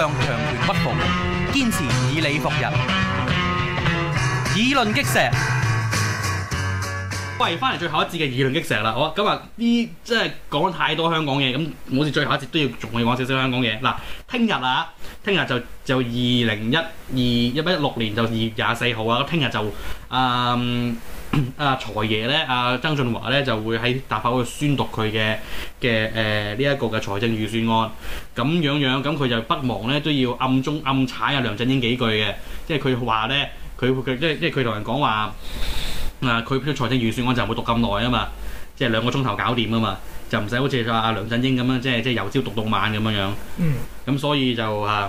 向強權屈服，堅持以理服人。議論擊石，喂，翻嚟最後一節嘅議論擊石啦，好啊，今日呢，真係講咗太多香港嘢，咁好似最後一節都要仲要講少少香港嘢。嗱、啊，聽日啊，聽日，啊，日就就二零一二一一六年就二月廿四號啊，聽日就嗯。啊！財爺咧，啊曾俊華咧就會喺立法會宣讀佢嘅嘅誒呢一個嘅財政預算案，咁樣樣咁佢就不忙咧都要暗中暗踩啊梁振英幾句嘅，即係佢話咧，佢佢即係即係佢同人講話啊，佢財政預算案就唔會讀咁耐啊嘛，即係兩個鐘頭搞掂啊嘛。就唔使好似阿梁振英咁啊，即係即係由朝讀到晚咁樣樣。嗯，咁所以就啊，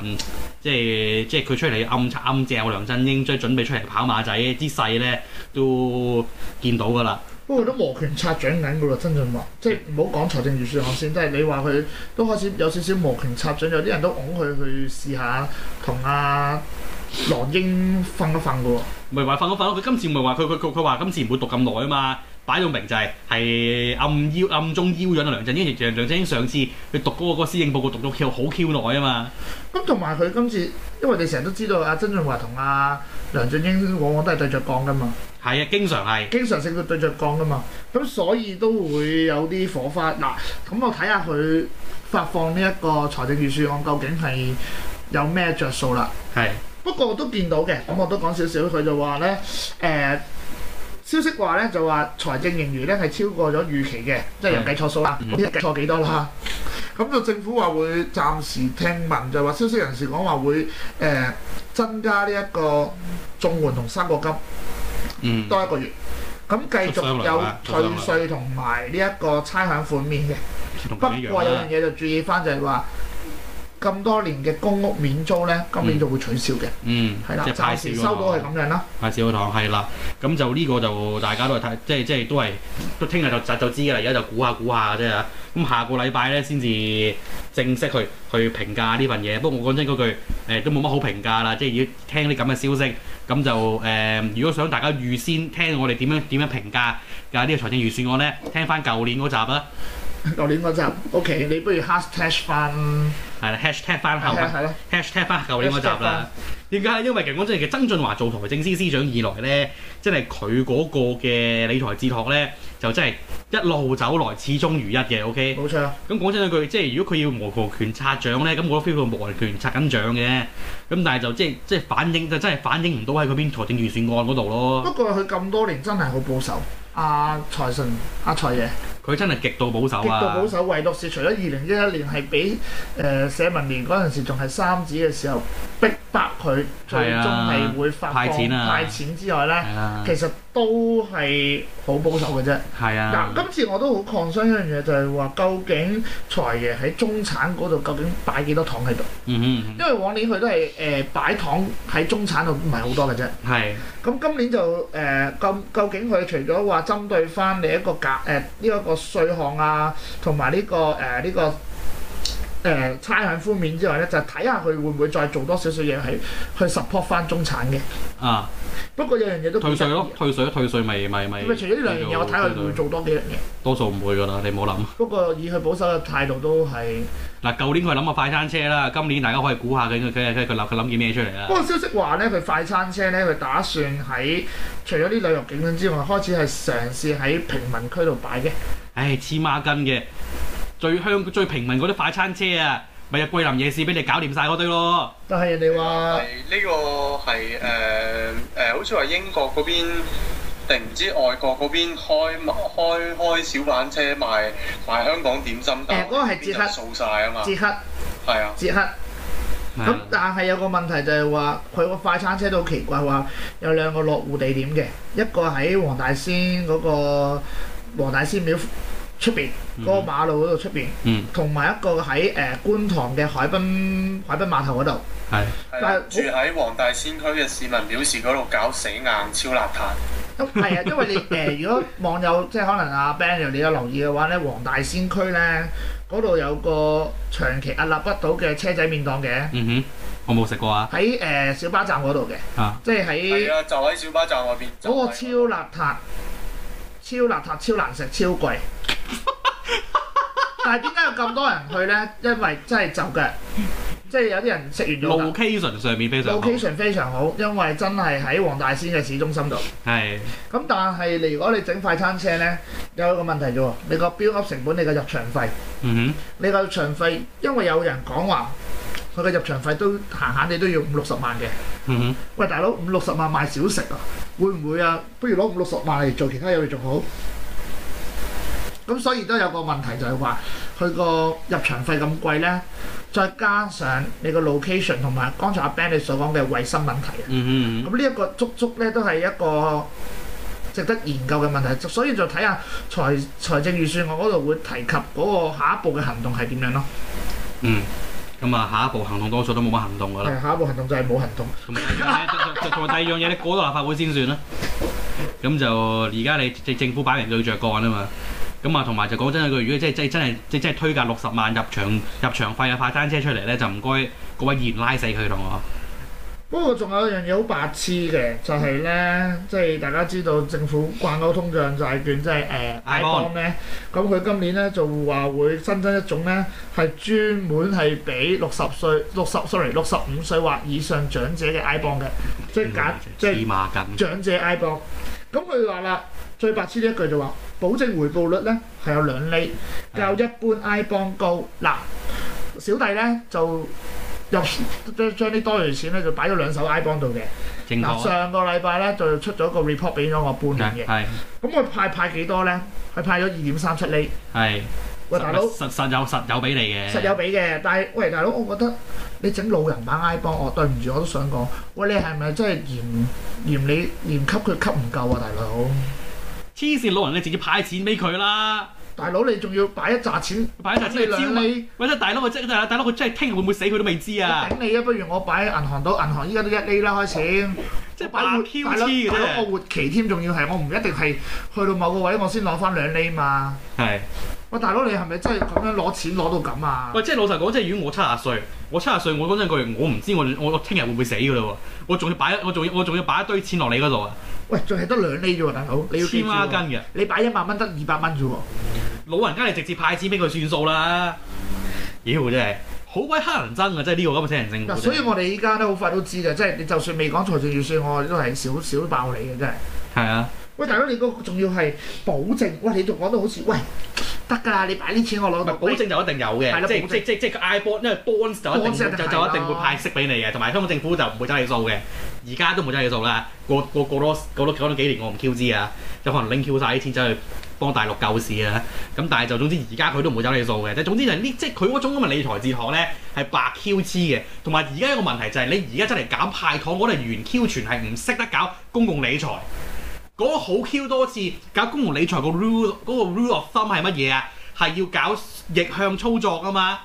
即係即係佢出嚟暗插暗正，我梁振英即係準備出嚟跑馬仔啲勢咧，都看見到噶啦。不過都磨拳擦掌緊噶喎，曾俊華，即係唔好講財政預算案先，即係你話佢都開始有少少磨拳擦掌，有啲人都拱佢去試下同阿、啊、羅英瞓一瞓噶喎。唔係話瞓一瞓咯，佢今次唔係話佢佢佢話今次唔會讀咁耐啊嘛。擺到明就係係暗腰暗中邀養啊！梁振英亦梁振英上次去讀嗰個嗰個施政報告讀咗 Q 好 Q 耐啊嘛！咁同埋佢今次，因為你成日都知道阿、啊、曾俊華同阿梁振英往往都係對着幹㗎嘛，係啊，經常係，經常性佢對着幹㗎嘛，咁所以都會有啲火花嗱。咁我睇下佢發放呢一個財政預算案究竟係有咩着數啦。係是，不過我都見到嘅，咁我都講少少，佢就話咧誒。消息話咧就話財政盈餘咧係超過咗預期嘅，即係又計錯數啦，呢日、嗯、計錯幾多啦？咁就、嗯、政府話會暫時聽聞，就話消息人士講話會、呃、增加呢一個綜援同生果金，嗯，多一個月，咁、嗯、繼續有退稅同埋呢一個差餉款面嘅。啊、不過有樣嘢就注意翻就係話。咁多年嘅公屋免租咧，今年就會取消嘅、嗯。嗯，係啦的，即係派少啲糖。到收到係咁樣啦。派少啲糖係啦，咁就呢個就大家都係睇，即係即係都係都聽日就就知嘅啦。而家就估下估下啫。咁下個禮拜咧先至正式去去評價呢份嘢。不過我講真嗰句，誒、呃、都冇乜好評價啦。即係要聽啲咁嘅消息，咁就誒、呃，如果想大家預先聽我哋點樣點樣評價嘅呢個財政預算案咧，聽翻舊年嗰集啦。舊年嗰集，OK，你不如 hash has tag 翻，係啦，hash tag 翻舊，係啦，hash tag 翻舊翻年嗰集啦。點解？因為其實講真的，其實曾俊華做財政司司長以來咧，真係佢嗰個嘅理財哲學咧，就真係一路走來始終如一嘅，OK？冇錯、啊。咁講真一句，即係如果佢要無權拳擦掌咧，咁我都飛過無權拳擦緊掌嘅。咁但係就即係即係反映就真係反映唔到喺佢邊財政預算案嗰度咯。不過佢咁多年真係好保守，阿、啊、財神，阿財爺。財佢真係極度保守啊，啊！極度保守，唯獨是除咗二零一一年係俾誒社民連嗰陣時仲係三子嘅時候逼迫佢最終係會發放派錢之外咧，其實。都係好保守嘅啫，係啊！嗱，今次我都好抗張一樣嘢，就係話究竟財爺喺中產嗰度究竟擺幾多糖喺度？嗯哼，因為往年佢都係誒擺糖喺中產度唔係好多嘅啫。係是，咁今年就誒、呃，究究竟佢除咗話針對翻你一個價誒呢一個稅項啊，同埋呢個誒呢個。呃這個誒、呃、差餉寬免之外咧，就睇下佢會唔會再做多少少嘢，係去 support 翻中產嘅。啊！不過有樣嘢都不退稅咯，退稅，退稅咪咪咪。咪除咗呢兩樣嘢，對對對我睇佢會做多幾樣嘢？多數唔會噶啦，你唔好諗。不過以佢保守嘅態度都係嗱，舊、啊、年佢諗啊快餐車啦，今年大家可以估下佢佢佢佢諗佢諗件咩出嚟啦？不過消息話咧，佢快餐車咧，佢打算喺除咗啲旅遊景點之外，開始係嘗試喺平民區度擺嘅。唉、哎，黐孖筋嘅。最香最平民嗰啲快餐車啊，咪有桂林夜市俾你搞掂晒嗰堆咯。但係人哋話呢個係、呃呃、好似話英國嗰邊定唔知外國嗰邊開,開,開小板車賣,賣香港點心。嗰、呃嗰個係捷克掃晒啊嘛。捷克黑啊。捷克咁，嗯、但係有個問題就係話佢個快餐車都好奇怪，話有兩個落戶地點嘅，一個喺黃大仙嗰、嗰個黃大仙廟。出面嗰個馬路嗰度出面，同埋一個喺誒觀塘嘅海濱、海濱碼頭嗰度。係住喺黃大仙區嘅市民表示，嗰度搞死硬，超邋遢。咁係啊，因為你誒，如果網友即係可能阿 Ben 又你有留意嘅話咧，黃大仙區咧嗰度有個長期屹立不倒嘅車仔麵檔嘅。嗯哼，我冇食過啊。喺誒小巴站嗰度嘅，即係喺。係啊，就喺小巴站嗰邊。嗰個超邋遢，超邋遢，超難食，超貴。但係點解有咁多人去咧？因為真係就腳，即係有啲人食完咗。location 上面非常 location 非常好，因為真係喺黃大仙嘅市中心度。係。咁但係你如果你整快餐車咧，有一個問題啫喎，你個標級成本，你個入場費。嗯哼。你個入場費，因為有人講話，佢個入場費都閒閒地都要五六十萬嘅。嗯哼。喂，大佬，五六十萬賣小食啊，會唔會啊？不如攞五六十萬嚟做其他嘢仲好。咁所以都有個問題就係話佢個入場費咁貴咧，再加上你個 location 同埋剛才阿 Ben 你所講嘅衞生問題，咁呢一個足足咧都係一個值得研究嘅問題。所以就睇下財財政預算案嗰度會提及嗰個下一步嘅行動係點樣咯。嗯，咁、嗯、啊、嗯，下一步行動多數都冇乜行動噶啦。下一步行動就係冇行動。有第二樣嘢，你估到立法會先算啦。咁就而家你政府擺明要著幹啊嘛。咁啊，同埋就講真，一句，如果真係真係真係真真係推架六十萬入場入場費嘅派單車出嚟咧，就唔該各位議員拉死佢同我。不過仲有一樣嘢好白痴嘅，就係、是、咧，即係大家知道政府掛鈎通脹債券即係誒 I bond 咧，咁佢、嗯、今年咧就話會新增一種咧，係專門係俾六十歲六十 sorry 六十五歲或以上長者嘅 I bond 嘅，即係揀、嗯、即係似 長者 I bond。咁佢話啦。嗯最白痴呢一句就話保證回報率咧係有兩釐，較一般 i bond 高。嗱，小弟咧就入將將啲多餘錢咧就擺咗兩手 i bond 度嘅。正確。嗱，上個禮拜咧就出咗個 report 俾咗我半年嘅。係。咁佢派派幾多咧？佢派咗二點三七釐。係。喂，大佬。實實有實有俾你嘅。實有俾嘅，但係喂，大佬，我覺得你整老人版 i bond，我對唔住，我都想講，喂，你係咪真係嫌嫌你嫌吸佢吸唔夠啊，大佬？黐線老人你直接派錢俾佢啦！大佬你仲要擺一扎錢，擺一扎即係兩厘。喂，大佬我真係大佬，佢真係聽日會唔會死佢都未知啊！頂你啊，不如我擺喺銀行度，銀行依家都一厘啦開始。即係擺喺，大佬，大佬我活期添，仲要係我唔一定係去到某個位我先攞翻兩厘嘛。係。喂，大佬，你係咪真係咁樣攞錢攞到咁啊？喂，即係老實講，即係如果我七十歲，我七十歲，我講真句，我唔知我我我聽日會唔會死噶咯喎？我仲要擺，我仲要我仲要擺一堆錢落你嗰度啊？喂，仲係得兩釐啫喎，大佬，你要、啊、千蚊一斤嘅，你擺一百蚊得二百蚊啫喎。啊、老人家你直接派錢俾佢算數啦。妖，真係好鬼黑人憎啊！真係呢個咁嘅死人性。所以我哋依家都好快都知嘅，即係你就算未講財政預算，我哋都係少少爆你嘅，真係。係啊。喂，大佬，你個仲要係保證？喂，你仲講得好似喂得㗎，你擺啲錢我攞，保證就一定有嘅。即係即係即係佢 I bond，因為 bond 就一定、就是、就一定會派息俾你嘅，同埋的香港政府就唔會爭你數嘅。而家都冇爭你數啦，過過過，過多過多過多幾年我唔 Q 知啊，有可能拎 Q 晒啲錢走去幫大陸救市啊。咁但係就總之而家佢都唔會爭你數嘅。即係總之就係、是、呢，即係佢嗰種咁嘅理財哲學咧係白 Q 痴嘅。同埋而家一個問題就係、是、你而家真係搞派糖，我、那、哋、個、原 Q 全係唔識得搞公共理財。嗰個好 Q 多次搞公共理財個 rule 嗰個 rule of thumb 係乜嘢啊？係要搞逆向操作㗎嘛！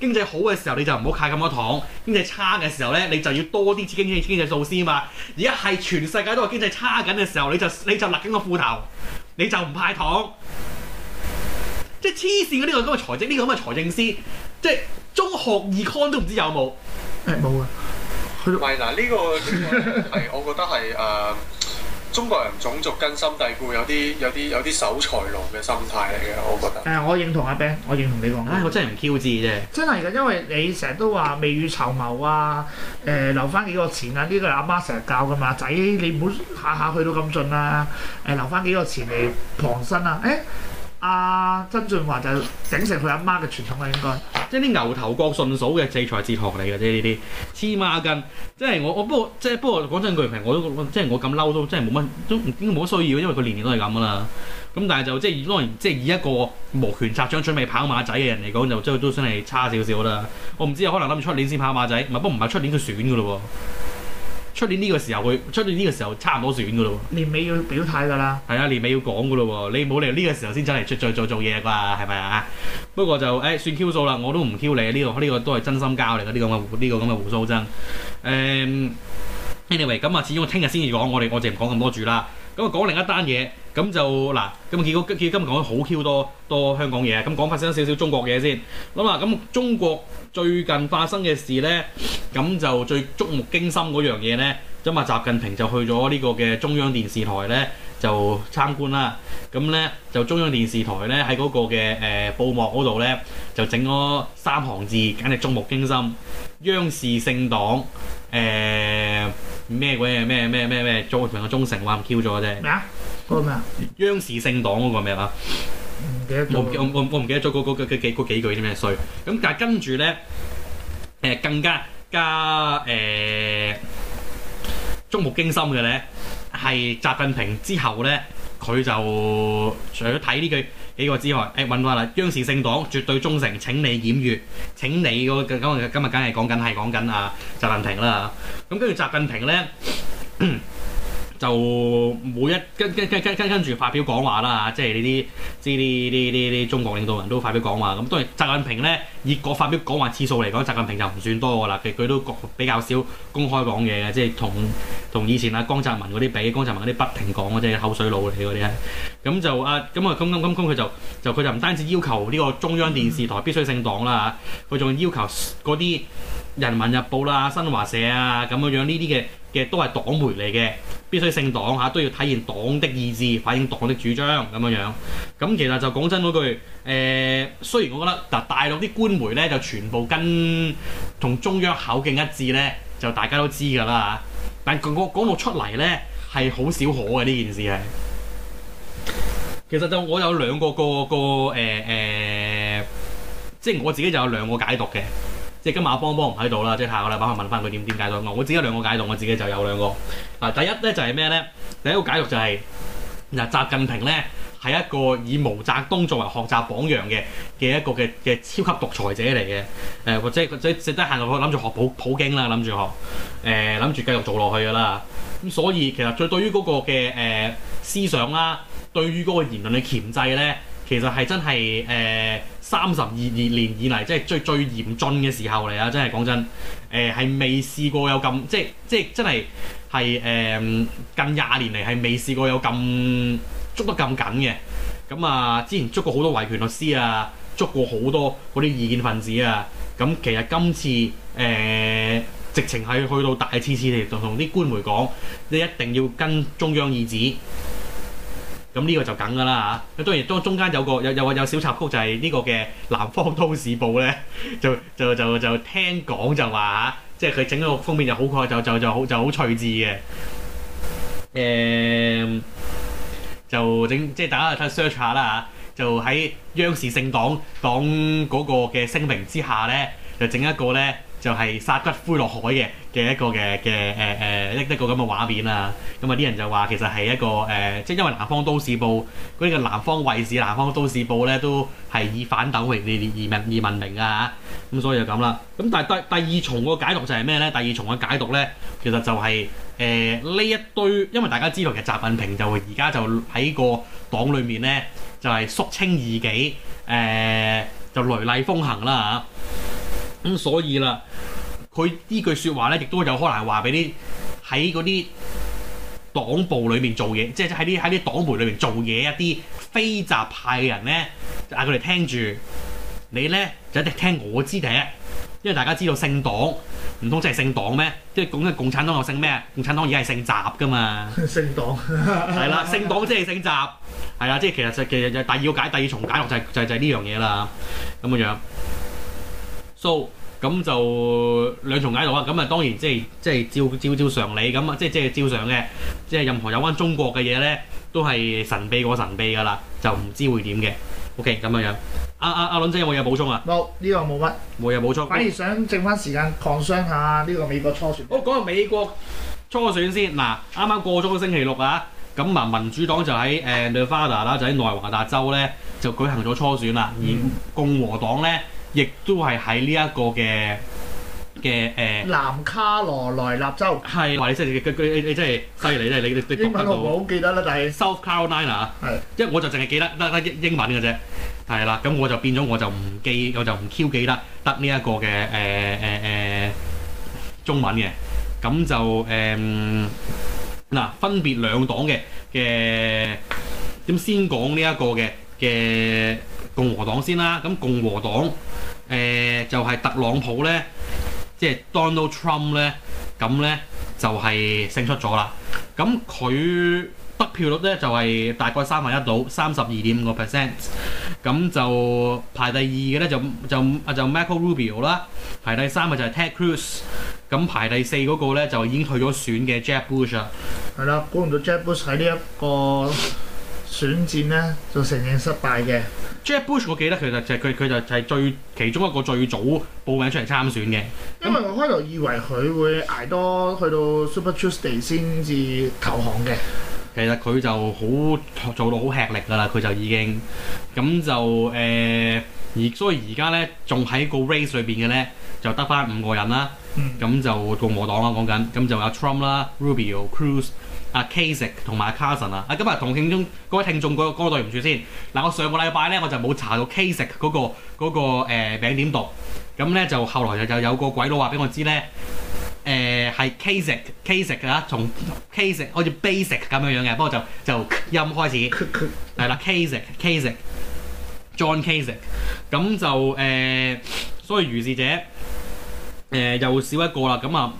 經濟好嘅時候你就唔好派咁多糖，經濟差嘅時候咧你就要多啲似經濟經濟措施啊嘛！而家係全世界都係經濟差緊嘅時候，你就你就勒緊個褲頭，你就唔派糖。即係黐線嘅，呢個咁嘅財政呢、呢個咁嘅財政司，即係中學二、e、con 都唔知有冇？誒冇㗎。係嗱呢個係我覺得係誒。 中國人種族根深蒂固有啲，有啲有啲有啲守財奴嘅心態嚟嘅，我覺得。誒、呃，我認同阿 Ben，我認同你講嘅、嗯，我真係唔挑戰啫。真係噶，因為你成日都話未雨綢繆啊，誒、呃、留翻幾個錢啊，呢、呢個阿媽成日教噶嘛，仔你唔好下下去到咁盡啊，誒、呃、留翻幾個錢嚟傍身啊，誒、欸。阿、啊、曾俊華就整成佢阿媽嘅傳統啦，應該即係啲牛頭角順嫂嘅制裁哲學嚟嘅啫，呢啲黐孖筋。即係我，我不過即係不過講真句平，我，我，我這麼都我即係我咁嬲都即係冇乜都應該冇乜需要，因為佢年年都係咁噶啦。咁但係就即係當然，即係以一個無權責掌準備跑馬仔嘅人嚟講，就即係都真係差少少啦。我唔知，可能諗住出年先跑馬仔，唔係不過唔係出年佢選噶咯喎。出年呢個時候佢，出年呢個時候差唔多選噶咯。年尾要表態噶啦。係啊，年尾要講噶咯。你冇理由呢個時候先出嚟再再做嘢啩？係咪啊？不過就，誒、哎，算 Q 數啦，我都唔 Q 你。呢、這個呢、這個都係真心交嚟嘅呢個咁嘅呢個咁嘅鬍鬚曾。誒、這個 um,，anyway，咁啊，始終聽日先至講，我哋我哋唔講咁多住啦。咁啊，講另一單嘢，咁就嗱，咁啊，結果，結果今講，今日講咗好 Q 多多香港嘢，咁講發生少少中國嘢先。咁啊，咁中國最近發生嘅事呢，咁就最觸目驚心嗰樣嘢呢，咁啊，習近平就去咗呢個嘅中央電視台呢就參觀啦。咁呢，就中央電視台呢喺嗰個嘅誒、呃、布幕嗰度呢，就整咗三行字，簡直觸目驚心。央視姓黨誒。咩鬼啊？咩咩咩咩？中成個中成話唔 Q 咗啫。咩啊？嗰個咩啊？央視姓黨嗰個咩啊？我我我唔記得咗嗰嗰嗰幾嗰幾句啲咩衰。咁但係跟住咧，誒更加加誒觸目驚心嘅咧，係習近平之後咧，佢就除咗睇呢句。幾個之外，誒揾我啦！央視姓黨絕對忠誠，請你檢閲。請你今日梗係緊係講緊係講緊啊，習近平啦，咁跟住習近平咧，就每一跟跟跟跟跟跟住發表講話啦，即係呢啲，啲啲中國領導人都發表講話。咁當然習近平咧，以個發表講話次數嚟講，習近平就唔算多噶啦。其實佢都比較少公開講嘢嘅，即係同同以前阿江澤民嗰啲比，江澤民嗰啲不停講嗰啲口水佬嚟啲咁就啊，咁啊，咁咁咁咁，佢就就佢就唔單止要求呢個中央電視台必須姓黨啦，佢仲要求嗰啲《人民日報》啦、新華社啊咁樣樣呢啲嘅嘅都係黨媒嚟嘅，必須姓黨嚇，啊，都要體現黨的意志，反映黨的主張咁樣樣。咁其實就講真嗰句，誒、欸，雖然我覺得嗱，大陸啲官媒咧就全部跟同中央口徑一致咧，就大家都知㗎啦，但但講講到出嚟咧係好少可嘅呢件事係其實就我有兩個個個誒、欸欸、即係我自己就有兩個解讀嘅，即係今日阿邦邦唔喺度啦，即係下個禮拜問翻佢點點解咁我自己有兩個解讀，我自己就有兩個。嗱、啊，第一咧就係咩咧？第一個解讀就係、是、嗱，習近平咧係一個以毛澤東作為學習榜樣嘅嘅一個嘅嘅超級獨裁者嚟嘅。誒或者佢者值得行落去我諗住學普普京啦，諗住學誒諗住繼續做落去㗎啦。咁所以其實佢對於嗰個嘅、欸、思想啦。對於嗰個言論嘅鉗制呢，其實係真係誒三十二二年以嚟，即係最最嚴峻嘅時候嚟啊！真係講真誒，係、呃、未試過有咁即即是真係係誒近廿年嚟係未試過有咁捉得咁緊嘅。咁啊，之前捉過好多維權律師啊，捉過好多嗰啲異見分子啊。咁其實今次誒、呃、直情係去到大次次地同同啲官媒講，你一定要跟中央意旨。咁呢個就梗㗎啦。咁當然當然中間有個有有有小插曲就係呢個嘅《南方都市報》咧，就就就就聽講就話、啊、即係佢整個封面就好，就就就好就好趣致嘅、嗯。就整即係大家睇下 search 下啦，就喺央視姓黨黨嗰個嘅聲明之下咧，就整一個咧。就係殺骨灰落海嘅嘅一個嘅嘅誒誒一一個咁嘅、呃、畫面啦、啊，咁啊啲人就話其實係一個誒、呃，即係因為南、那個南《南方都市報》嗰啲嘅《南方衞視》《南方都市報》咧都係以反斗為而而而聞而聞名啊。咁所以就咁啦。咁但係第第二重個解讀就係咩咧？第二重嘅解讀咧，其實就係誒呢一堆，因為大家知道其實習近平就而家就喺個黨裡面咧，就係、是、肅清異己，誒、呃、就雷厲風行啦嚇。啊咁、嗯、所以啦，佢呢句説話咧，亦都有可能話俾啲喺嗰啲黨部裏邊做嘢，即係喺啲喺啲黨媒裏邊做嘢一啲非習派嘅人咧，就嗌佢哋聽住你咧，就一定聽我知。第一，因為大家知道姓黨唔通即係姓黨咩？即係共共產黨又姓咩？共產黨而家係姓習噶嘛？姓黨係啦，姓黨即係姓習，係啊！即係其，其實就其實就第二個解，第二重解讀就係、就係就係呢樣嘢啦，咁嘅樣。So 咁就兩重解讀啊！咁啊當然即係即係照照照常理咁啊，即係即係照常嘅，即係任何有關中國嘅嘢咧，都係神秘過神秘噶啦，就唔知會點嘅。OK，咁樣樣。阿阿阿倫仔有冇嘢補充啊？冇呢個冇乜，冇嘢補充。反而想剩翻時間擴商下呢個美國初選。哦，講下美國初選先。嗱，啱啱過咗個星期六啊，咁啊民主黨就喺誒內華達州咧就舉行咗初選啦，而共和黨咧。嗯亦都係喺呢一個嘅嘅誒，南卡羅來納州係話你犀利嘅。佢佢你你真係犀利咧！你你英文我唔係好記得啦，但係 South Carolina 啊，係，因為我就淨係記得得得英英文嘅啫，係啦，咁我就變咗我就唔記，我就唔 Q 記得，得呢一個嘅誒誒誒中文嘅，咁就誒嗱分別兩黨嘅嘅，咁先講呢一個嘅嘅。共和黨先啦，咁共和黨誒就係特朗普咧，即係 Donald Trump 咧，咁咧就係勝出咗啦。咁佢得票率咧就係大概三分一到三十二點五個 percent，咁就排第二嘅咧就就啊就 Marco Rubio 啦，排第三嘅就係 Ted Cruz，咁排第四嗰個咧就已經去咗選嘅 Jack Bush 啦。係啦，估唔到 Jack Bush 喺呢一個。選戰咧，就承認失敗嘅。Jeb Bush，我記得其實就佢佢就係最其中一個最早報名出嚟參選嘅。因為我開頭以為佢會挨多去到 Super Tuesday 先至投降嘅。其實佢就好做到好吃力㗎啦，佢就已經咁就誒，而、呃、所以而家咧仲喺個 race 裏邊嘅咧，就得翻五個人啦。咁、嗯、就共和黨啦，講緊咁就有 Trump 啦、Rubio、Cruz 阿 Kasek 同埋阿 Carson 啊！K、ick, arson, 啊，今日同聽中各位聽眾各位對唔住先。嗱、啊，我上個禮拜咧我就冇查到 Kasek 嗰、那個嗰、那個誒名點讀，咁、呃、咧就後來就又有個鬼佬話俾我知咧，誒、呃、係 Kasek Kasek 啊，從 Kasek 好似 Basic 咁樣樣嘅，不過就就，就音開始係啦。 Kasek Kasek John Kasek，咁就誒、呃，所以如是者誒、呃、又少一個啦。咁啊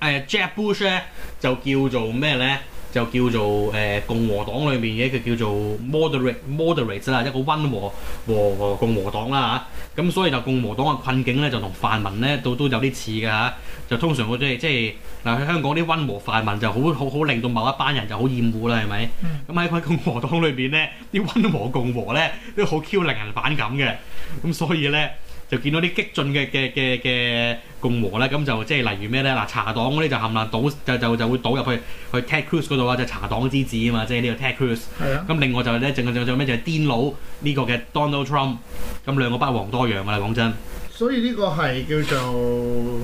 誒，Jack Bush 咧。就叫做咩咧？就叫做誒、呃、共和黨裏面嘅佢叫做 moderate moderates 啦，一個温和和共和黨啦嚇。咁、啊、所以就共和黨嘅困境咧，就同泛民咧都都有啲似㗎嚇。就通常我即係即係嗱，喺、就是啊、香港啲温和泛民就好好好令到某一班人就好厭惡啦，係咪？咁喺佢共和黨裏面咧，啲温和共和咧都好 Q 令人反感嘅。咁所以咧。就見到啲激進嘅嘅嘅嘅共和咧，咁就即係例如咩咧？嗱，茶黨嗰啲就冚唪唥倒，就就就會倒入去去 Ted Cruz 嗰度啊！就茶黨之子啊嘛，即係呢個 Ted Cruz。係啊。咁另外就咧、是，仲就仲有咩？就係癲佬呢個嘅 Donald Trump。咁兩個不遑多讓噶啦，講真。所以呢個係叫做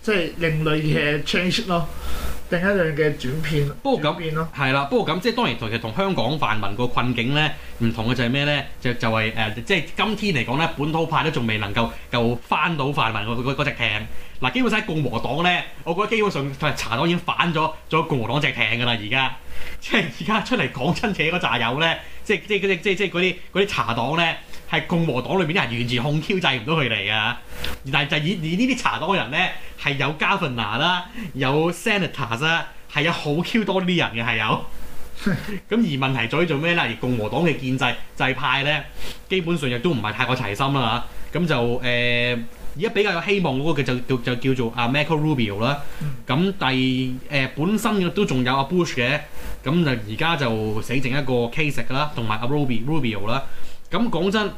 即係、就是、另類嘅 change 咯。另一樣嘅轉變，不過咁係啦，不過咁即係當然同其同香港泛民個困境咧唔同嘅就係咩咧？就就係、是、誒、呃，即係今天嚟講咧，本土派都仲未能夠夠翻到泛民個嗰隻艇。嗱、啊，基本上喺共和黨咧，我覺得基本上茶黨已經翻咗咗共和黨隻艇噶啦，而家即係而家出嚟講親切嗰扎友咧，即係即係嗰啲即係即係啲啲茶黨咧。係共和黨裏邊啲人完全控 Q 制唔到佢哋㗎，但係就以以呢啲查多人咧係有 Governor 啦，有 Senator 啦，係有好 Q 多啲人嘅係有。咁 而問題是在於做咩咧？而共和黨嘅建制制派咧，基本上亦都唔係太過齊心啦，咁就誒而家比較有希望嗰個嘅就叫就叫做阿 Marco Rubio 啦。咁第誒、呃、本身都仲有阿 Bush 嘅，咁就而家就死剩一個 Kasich 啦，同埋阿 Ruby Rubio 啦。咁講真，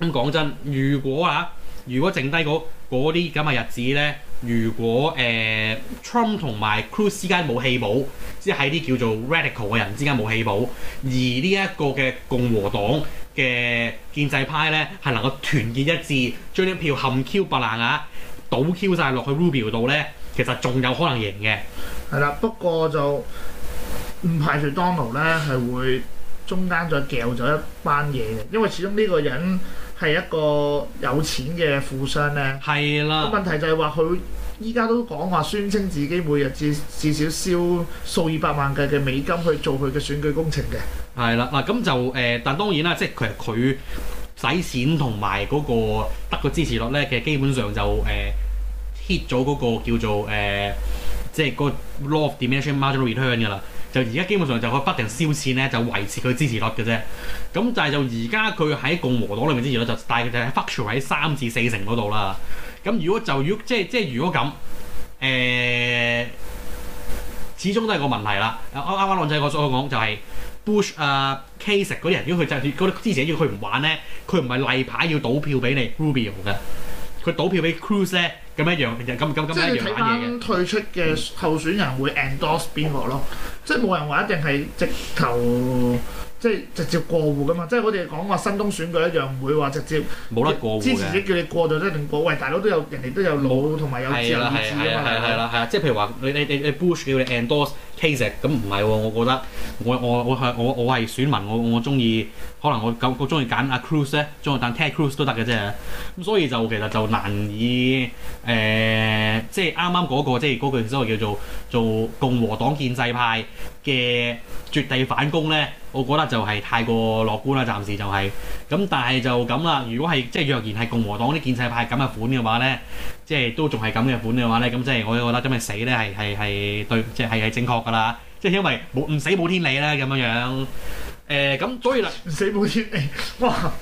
咁講真，如果啊，如果剩低嗰啲咁嘅日子咧，如果誒 Trump 同埋 Cruz 之間冇氣補，即係喺啲叫做 radical 嘅人之間冇氣補，而呢一個嘅共和黨嘅建制派咧，係能夠團結一致，將啲票冚 Q 白爛啊，倒 Q 晒落去 Rubio 度咧，其實仲有可能贏嘅。係啦，不過就唔排除 Donald 咧係會。中間再掉咗一班嘢嘅，因為始終呢個人係一個有錢嘅富商咧。係啦的。咁問題就係話佢依家都講話宣稱自己每日至至少燒數以百萬計嘅美金去做佢嘅選舉工程嘅。係啦，嗱咁就誒，但當然啦，即係佢係佢使錢同埋嗰個得個支持率咧，其實基本上就誒、呃、hit 咗嗰個叫做誒，即、呃、係、就是、個 law of dimension marginal return 㗎啦。就而家基本上就去不停燒錢咧，就維持佢支持率嘅啫。咁但係就而家佢喺共和黨裏面支持率就大概就係 fraction 喺三至四成嗰度啦。咁如果就如即係即係如果咁，誒、欸，始終都係個問題啦。啱啱倫仔我所講就係 Bush 啊、呃、Kasich 嗰啲人，如果佢就係、是、啲支持者要佢唔，如果佢唔玩咧，佢唔係例牌要賭票俾你 Rubio 嘅，佢賭票俾 Cruz 咧。咁一樣，其實咁咁咁一樣玩嘢嘅。嗯、退出嘅候選人會 endorse 邊個咯，嗯、即係冇人話一定係直頭。即係直接過戶噶嘛，即係我哋講話新東選舉一樣，唔會話直接支持者叫你過就一定過。喂，大佬都有人哋都有腦同埋有智慧啦係啊！即係譬如話你你你你 Bush 叫你 endorse Kasich 咁、哦、唔係喎，我覺得我我我係我我係選民，我我中意可能我咁我中意揀阿 Cruz 咧，中但 Ted Cruz 都得嘅啫。咁所以就其實就難以誒、呃，即係啱啱嗰個即係嗰句所謂叫做做共和黨建制派嘅絕地反攻咧。我覺得就係太過樂觀啦，暫時就係、係、咁。但係就咁啦。如果係即係若然係共和黨啲建制派咁嘅款嘅話咧，即係都仲係咁嘅款嘅話咧，咁即係我覺得咁嘅死咧係係係對，即係係正確噶啦。即係因為冇唔死冇天理啦，咁樣樣誒咁，所以啦，唔死冇天理。哇，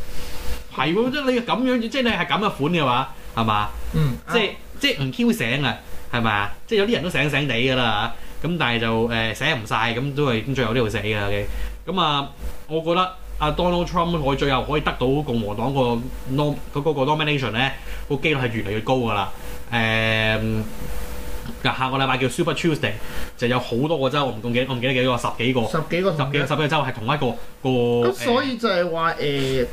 係喎，即係你咁樣，即係你係咁嘅款嘅話，係嘛？嗯，即係、嗯、即係唔挑醒啊，係咪啊？即係有啲人都醒醒、呃、醒地噶啦，咁但係就誒醒唔晒，咁都係最後都要死噶。咁啊，我覺得阿 Donald Trump 佢最後可以得到共和黨個 no 嗰個個 nomination 咧、嗰個機率係越嚟越高㗎啦。誒、嗯，下個禮拜叫 Super Tuesday，就有好多個州，我唔記得，我唔記得幾多個，十幾個，十幾個，十幾個，十幾個州係同一個個。咁所以就係話誒。欸欸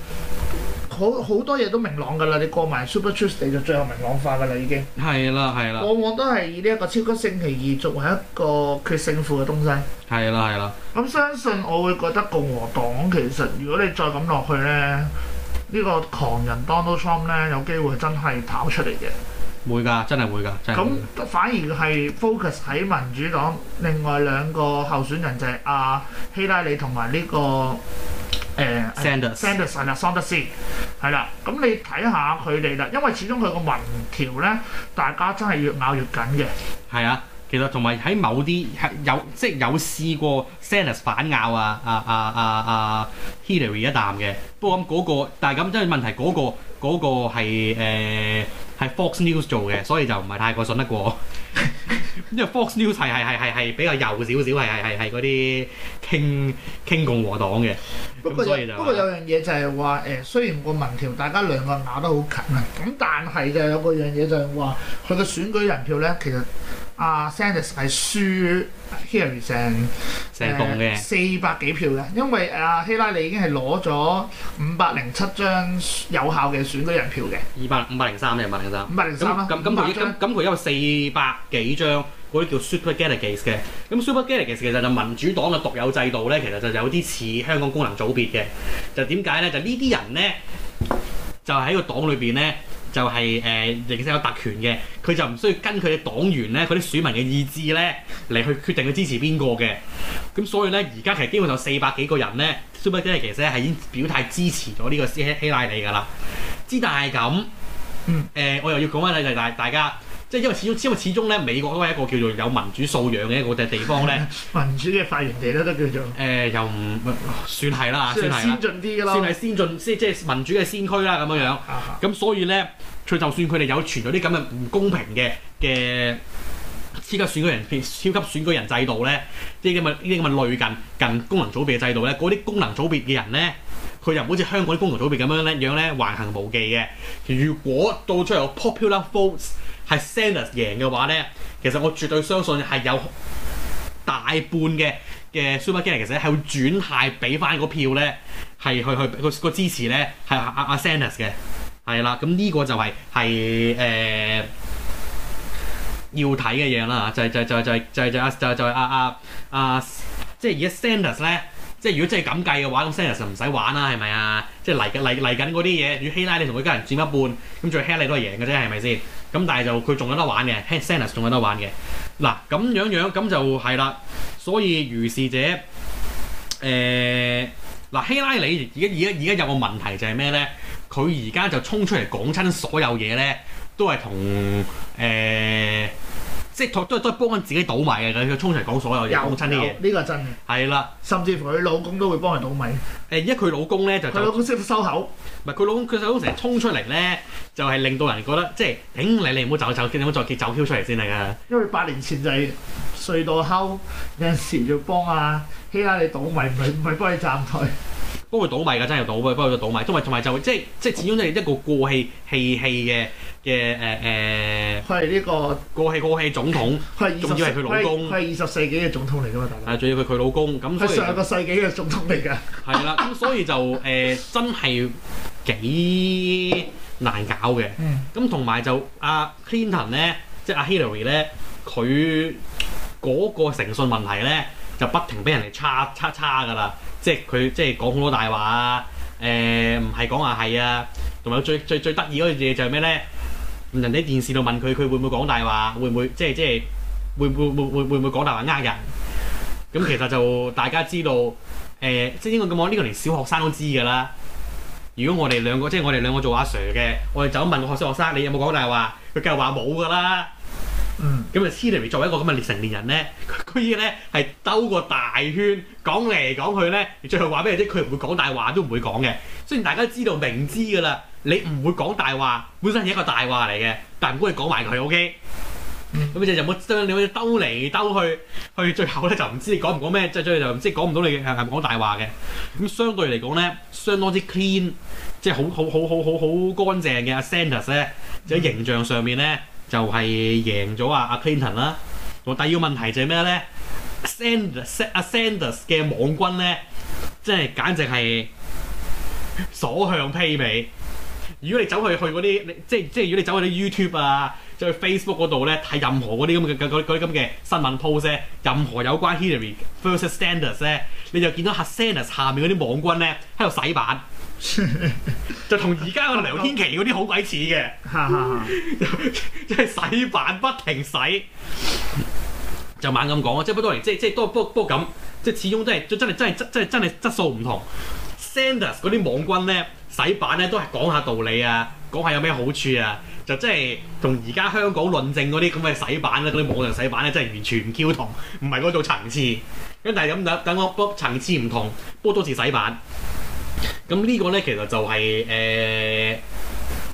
好好多嘢都明朗㗎啦，你過埋 Super Tuesday 就最後明朗化㗎啦，已經。係啦，係啦。往往都係以呢一個超級星期二作為一個決勝負嘅東西。係啦，係啦。咁相信我會覺得共和黨其實，如果你再咁落去咧，呢個狂人 Donald Trump 咧有機會真係跑出嚟嘅。會㗎，真係會㗎。咁反而係 focus 喺民主黨另外兩個候選人就係阿希拉里同埋呢個。誒 Sanders、Sanders 同埋 Sanders，係啦，咁你睇下佢哋啦，因為始終佢個民調咧，大家真係越咬越緊嘅。係啊，其實同埋喺某啲係有即係有試過 Sanders 反咬啊啊啊啊啊 Hillary 一啖嘅。不過咁嗰個，但係咁真係問題，嗰個嗰個係誒係 Fox News 做嘅，所以就唔係太過信得過。因為 Fox News 係比較右少少，係嗰啲傾共和黨嘅，咁所以就。不過有樣嘢就係話，誒，雖然個民調大家兩個打得好近啊，咁但係就有個樣嘢就係話，佢個選舉人票咧，其實。阿 Sanders、啊、係輸 Hillary 成四百幾票嘅，因為阿、啊、希拉里已經係攞咗五百零七張有效嘅選舉人票嘅，二百五百零三咧，五百零三，五百零三啦。咁佢咁佢因為四百幾張嗰啲叫 super delegates 嘅，咁 super delegates 其實就民主黨嘅獨有制度咧，其實就有啲似香港功能組別嘅，就點解咧？就是、這些呢啲人咧，就喺、是、個黨裏邊咧。就係、是、誒、呃、形成有特權嘅，佢就唔需要根據佢嘅黨員咧，嗰啲選民嘅意志咧嚟去決定佢支持邊個嘅。咁所以咧，而家其實基本上四百幾個人咧，算唔算真係其實係已經表態支持咗呢個希希拉里㗎啦。之但係咁，誒、嗯呃、我又要講翻咧，就大大家。大家因為始終，因為始終咧，美國都係一個叫做有民主素養嘅一個地方咧。民主嘅發源地啦，都叫做誒、呃，又唔算係啦，算係先進啲嘅咯，算係先進，即即係民主嘅先驅啦，咁樣樣咁，啊、哈 所以咧，佢就算佢哋有存在啲咁嘅唔公平嘅嘅超級選舉人超級選舉人制度咧，啲咁嘅啲咁嘅類近近功能組別嘅制度咧，嗰啲功能組別嘅人咧，佢又唔好似香港啲功能組別咁樣咧樣咧橫行無忌嘅。如果到出嚟 popular votes。係 Sanders 贏嘅話咧，其實我絕對相信係有大半嘅嘅 Supermajority 其實係會轉派俾翻個票咧，係去去個個支持咧，係阿阿 Sanders 嘅，係啦，咁呢個就係係誒要睇嘅嘢啦，就係、就係、就係、就係、就係、就係、就就阿阿阿即係而家 Sanders 咧。即係如果真係咁計嘅話，咁 Sanders 就唔使玩啦，係咪啊？即係嚟嚟嚟緊嗰啲嘢，如果希拉里同佢家人佔一半，咁最希拉里都係贏嘅啫，係咪先？咁但係就佢仲有得玩嘅 h e a Sanders 仲有得玩嘅。嗱、啊、咁樣樣咁就係啦。所以如是者，誒、呃、嗱、啊、希拉里而家而家而家有個問題就係咩咧？佢而家就衝出嚟講親所有嘢咧，都係同誒。呃即係都係都係幫緊自己倒米嘅，佢衝出嚟講所有嘢，講親啲嘢。呢個係真嘅。係啦。甚至乎佢老公都會幫佢倒米。誒，而家佢老公咧就係老公識得收口。唔係佢老公，佢老公成日衝出嚟咧，就係令到人覺得即係，頂你你唔好走走，見我再叫走 Q 出嚟先嚟㗎。因為八年前就係隧道口，有時就幫阿希拉里倒米，唔係唔係幫佢站台。幫佢倒米㗎，真係倒㗎，幫佢倒米。同埋同埋就即係即係始終都係一個過氣氣氣嘅。嘅誒誒，係呢、呃呢個過氣過氣總統，係仲是 20, 要係佢老公，係二十世紀嘅總統嚟噶嘛？大佬仲要佢佢老公咁，佢上個世紀嘅總統嚟噶，係啦的，咁 所以就誒、呃、真係幾難搞嘅。咁同埋就阿、啊、Clinton 咧，即係、啊、阿 Hillary 咧，佢嗰個誠信問題咧，就不停俾人哋叉叉叉㗎啦。即係佢即係講好多大話、呃、啊，誒唔係講話係啊，同埋最最最得意嗰樣嘢就係咩咧？人哋喺電視度問佢，佢會唔會講大話？會唔會即係即係會會會會會唔會講大話呃人？咁其實就大家知道，誒、呃、即係應該咁講，呢個連小學生都知㗎啦。如果我哋兩個即係我哋兩個做阿 Sir 嘅，我哋就咁問個小學生：你有冇講大話？佢梗係話冇㗎啦。嗯。咁啊，Celia 作為一個咁嘅成年人咧，佢居然咧係兜個大圈講嚟講去咧，而最後話畀你知，佢唔會講大話都唔會講嘅。雖然大家知道明知㗎啦。你唔會講大話，本身係一個大話嚟嘅，但唔好你講埋佢，OK？咁、嗯、你就冇將你冇兜嚟兜去，去最後咧就唔知你講唔講咩，即係就即係講唔到你係係講大話嘅。咁相對嚟講咧，相當之 clean，即係好好好好好好乾淨嘅。阿 Sanders 咧，就喺形象上面咧就係、是、贏咗啊，啊 Clinton 啦。仲第二個問題就係咩咧？Sanders 阿 Sanders 嘅網軍咧，即係簡直係所向披靡。如果你走去去嗰啲，即即係如果你走去啲 YouTube 啊，走去 Facebook 度咧睇任何嗰啲咁嘅啲咁嘅新聞 post 咧，任何有關 Hillary versus Sanders 咧，你就見到 Sanders 下面嗰啲網軍咧喺度洗版， 就同而家個梁天琦嗰啲好鬼似嘅，即係 洗版不停洗，就猛咁講啊，即係不當嚟，即即係多多多咁，即係始終即係真係真係真真係真係質素唔同，Sanders 嗰啲網軍咧。洗版咧都係講下道理啊，講下有咩好處啊，就真係同而家香港論證嗰啲咁嘅洗版咧，嗰啲網上洗版咧，真係完全唔 Q 同，唔係嗰種層次咁。但係咁等等我波層次唔同，波多次洗版咁呢個咧，其實就係、是、誒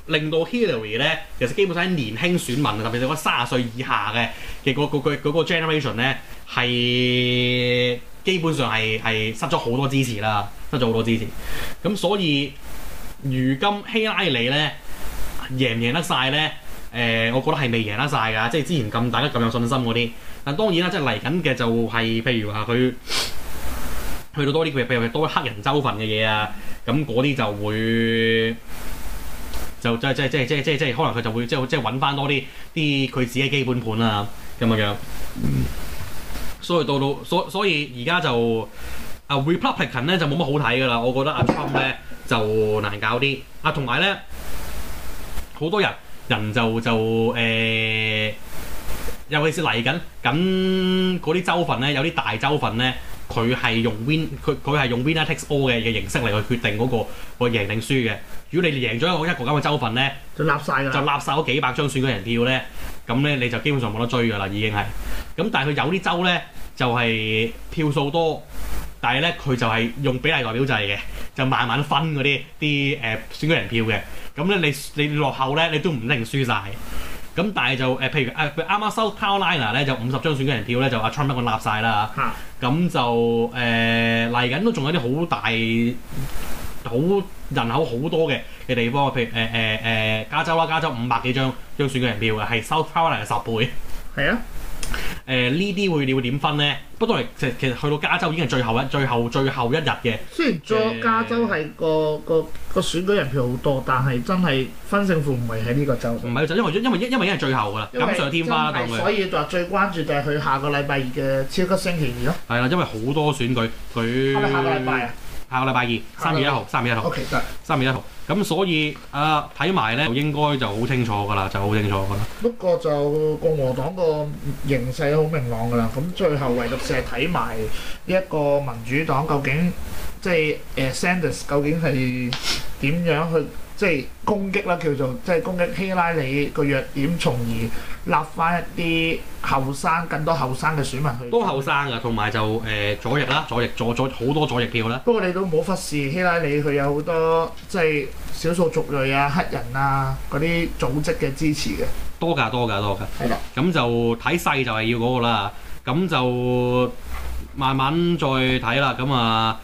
令、呃、到 Hillary 咧，其實基本上係年輕選民特別係嗰三十歲以下嘅嘅嗰佢個 generation 咧，係、那個、基本上係係失咗好多支持啦，失咗好多支持咁，所以。如今希拉里咧贏唔贏得晒咧？誒、呃，我覺得係未贏得晒㗎，即係之前咁大家咁有信心嗰啲。但當然啦，即係嚟緊嘅就係、是、譬如話佢去到多啲譬如多黑人州份嘅嘢啊，咁嗰啲就會就即即即即即即可能佢就會即即揾翻多啲啲佢自己基本盤啦咁樣。嗯。所以到到所所以而家就啊 Republican 咧就冇乜好睇㗎啦，我覺得阿 Trump 咧。就難搞啲啊！同埋咧，好多人人就就誒、呃，尤其是嚟緊緊嗰啲州份咧，有啲大州份咧，佢係用 Win 佢佢係用 winner takes all 嘅嘅形式嚟去決定嗰、那個個贏定輸嘅。如果你贏咗一個一個咁嘅州份咧，就立晒啦，就攬曬嗰幾百張選舉人票咧，咁咧你就基本上冇得追㗎啦，已經係。咁但係佢有啲州咧，就係、是、票數多。但係咧，佢就係用比例代表制嘅，就慢慢分嗰啲啲誒選舉人票嘅。咁咧，你你落後咧，你都唔一定輸晒。咁但係就誒、呃，譬如誒，啱啱收 South Carolina 咧，就五十張選舉人票咧，啊、立 那就阿 Trump、呃、一個攬晒啦。嚇！咁就誒，嚟緊都仲有啲好大好人口好多嘅嘅地方，譬如誒誒誒加州啦，加州五百幾張張選舉人票啊，係收 South Carolina 十倍。係 啊！誒，呃、你呢啲會會點分咧？不過嚟，其實其實去到加州已經係最後一、最後最後一日嘅。雖然在加州係個、呃、個個選舉人票好多，但係真係分勝負唔係喺呢個州。唔係就因為因因為因因為已經因為係最後噶啦，錦上添花咁嘅。所以話最關注就係佢下個禮拜二嘅超級星期二咯。係啊，因為好多選舉佢。係咪下個禮拜啊？下個禮拜二，三月一號，三月一號，OK 得，三月一號。咁所以啊，睇埋咧，應該就好清楚㗎啦，就好清楚㗎啦。不過就共和黨個形勢好明朗㗎啦。咁最後唯獨淨係睇埋呢一個民主黨，究竟即係誒 Sanders 究竟係點樣去？即係攻擊啦，叫做即係攻擊希拉里個弱點，從而立翻一啲後生、更多後生嘅選民去選。都呃、多後生啊，同埋就誒左翼啦，左翼左咗好多左翼票啦。不過你都冇忽視希拉里，佢有好多即係少數族裔啊、黑人啊嗰啲組織嘅支持嘅。多㗎，多㗎，多㗎的。係㗎。咁就睇細就係要嗰個啦。咁就慢慢再睇啦。咁啊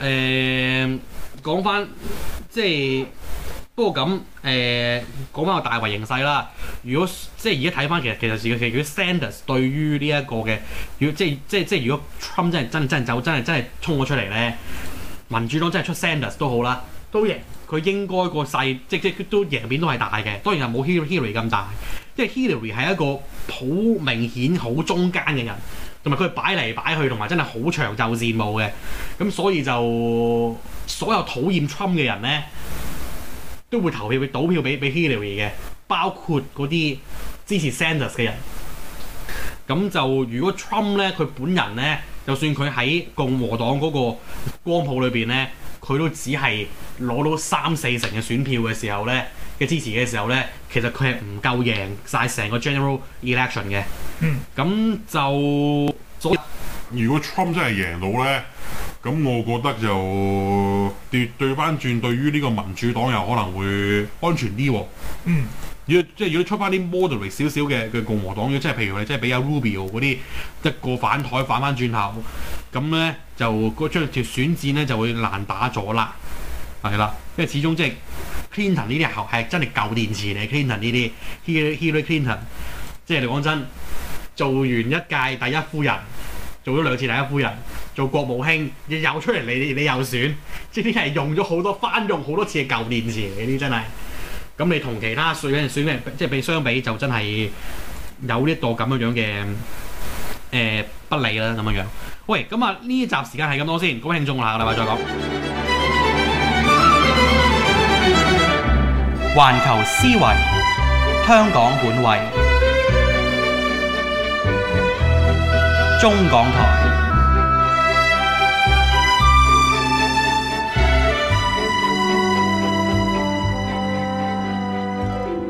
誒講翻即係。不過咁誒，講翻個大圍形勢啦。如果即係而家睇翻，其實其實其實如果 Sanders 對於呢一個嘅，即係即係即係如果 Trump 真係真係真係就，真真，真，真衝咗出嚟咧，民主黨真係出 Sanders 都好啦，都贏。佢應該個勢即即都贏面都係大嘅。當然係冇 Hillary 咁大，因為 Hillary 係一個好明顯好中間嘅人，同埋佢擺嚟擺去，同埋真係好長袖善舞嘅。咁所以就所有討厭 Trump 嘅人咧。都會投票，會倒票俾俾 Hillary 嘅，包括嗰啲支持 Sanders 嘅人。咁就如果 Trump 咧，佢本人咧，就算佢喺共和黨嗰個光譜裏邊咧，佢都只係攞到三四成嘅選票嘅時候咧嘅支持嘅時候咧，其實佢係唔夠贏晒成個 General Election 嘅。嗯，咁就所以。如果 Trump 真係贏到咧，咁我覺得就跌對翻轉，對於呢個民主黨又可能會安全啲喎、哦。嗯，即係如果出翻啲 moderate 少少嘅嘅共和黨，即係譬如你即係畀阿 Rubio 嗰啲一個反台反翻轉頭，咁咧就嗰條、那個、選戰咧就會難打咗啦，係啦，因為始終即係 Clinton 呢啲係真係舊電池嚟 Clinton 呢啲 Hillary Clinton，即係你講真，做完一屆第一夫人。做咗兩次第一夫人，做國務卿，又出嚟你你又選，即係用咗好多，翻用好多次嘅舊電池，呢啲真係。咁你同其他選咩選咩，即係比相比就真係有呢度咁樣樣嘅誒不利啦咁樣樣。喂，咁啊呢集時間係咁多先，各位聽眾嗱，下個禮拜再講。環球思維，香港本位。中港台。